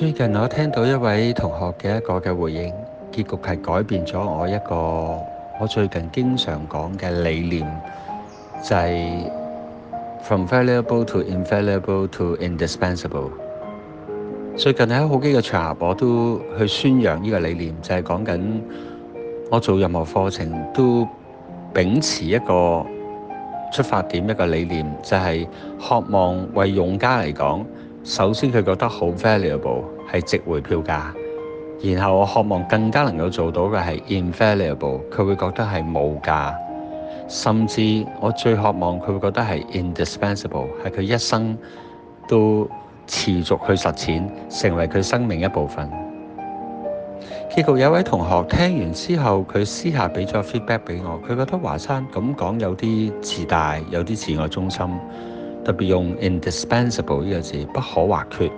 最近我聽到一位同學嘅一個嘅回應，結局係改變咗我一個我最近經常講嘅理念，就係、是、from valuable to invaluable to indispensable。最近喺好幾個場合我都去宣揚呢個理念，就係講緊我做任何課程都秉持一個出發點，一個理念就係、是、渴望為用家嚟講。首先佢覺得好 valuable，係值回票價。然後我渴望更加能夠做到嘅係 invaluable，佢會覺得係無價。甚至我最渴望佢會覺得係 indispensable，係佢一生都持續去實踐，成為佢生命一部分。結局有位同學聽完之後，佢私下俾咗 feedback 俾我，佢覺得華山咁講有啲自大，有啲自我中心。特別用 indispensable 呢個字，不可或缺，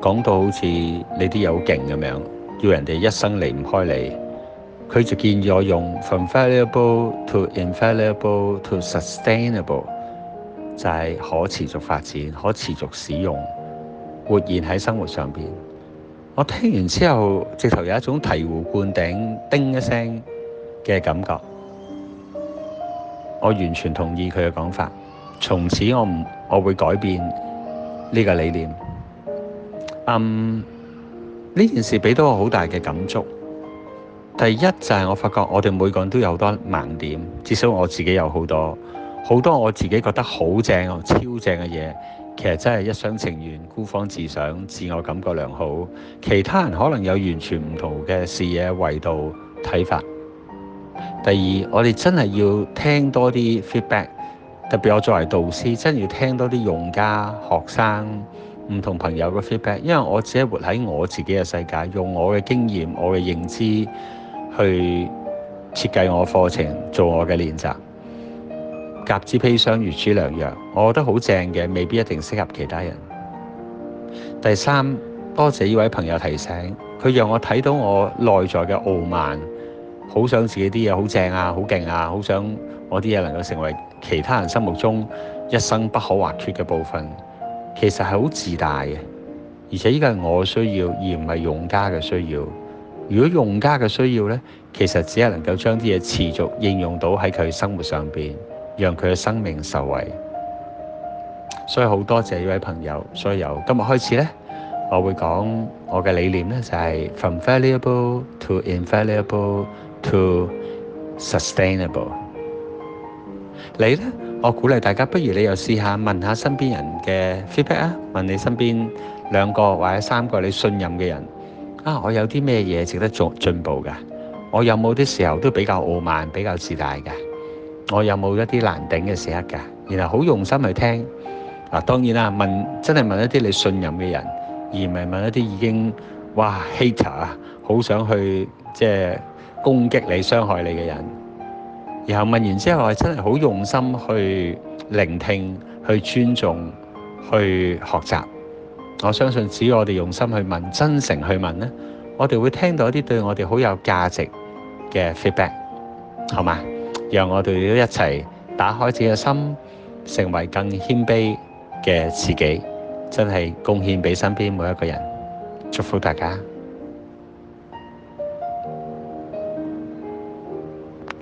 講到好似你啲嘢好勁咁樣，要人哋一生離唔開你。佢就建議我用 from valuable to invaluable to sustainable，就係可持續發展、可持續使用、活現喺生活上面。我聽完之後，直頭有一種醍醐灌頂、叮一聲嘅感覺。我完全同意佢嘅講法。從此我唔，我會改變呢個理念。嗯，呢件事俾到我好大嘅感觸。第一就係我發覺我哋每個人都有好多盲點，至少我自己有好多。好多我自己覺得好正、超正嘅嘢，其實真係一廂情願、孤芳自賞、自我感覺良好。其他人可能有完全唔同嘅視野、維度、睇法。第二，我哋真係要聽多啲 feedback。特別我作為導師，真要聽多啲用家、學生、唔同朋友嘅 feedback，因為我自己活喺我自己嘅世界，用我嘅經驗、我嘅認知去設計我課程、做我嘅練習。甲之砒霜如此良藥，我覺得好正嘅，未必一定適合其他人。第三，多謝呢位朋友提醒，佢讓我睇到我內在嘅傲慢，好想自己啲嘢好正啊，好勁啊，好想。我啲嘢能夠成為其他人心目中一生不可或缺嘅部分，其實係好自大嘅，而且依個係我需要，而唔係用家嘅需要。如果用家嘅需要呢，其實只係能夠將啲嘢持續應用到喺佢生活上邊，讓佢嘅生命受惠。所以好多謝呢位朋友，所以由今日開始呢，我會講我嘅理念呢，就係 from valuable to invaluable to sustainable。你呢？我鼓勵大家，不如你又試下問下身邊人嘅 feedback 啊，問你身邊兩個或者三個你信任嘅人，啊，我有啲咩嘢值得做進步噶？我有冇啲時候都比較傲慢、比較自大噶？我有冇一啲難頂嘅時刻噶？然後好用心去聽。嗱、啊，當然啦，問真係問一啲你信任嘅人，而唔係問一啲已經哇 hater 啊，好想去即係攻擊你、傷害你嘅人。然後問完之後，我真係好用心去聆聽、去尊重、去學習。我相信只要我哋用心去問、真誠去問呢，我哋會聽到一啲對我哋、嗯、好有價值嘅 feedback，好嘛？讓我哋都一齊打開自己嘅心，成為更謙卑嘅自己，嗯、真係貢獻俾身邊每一個人。祝福大家！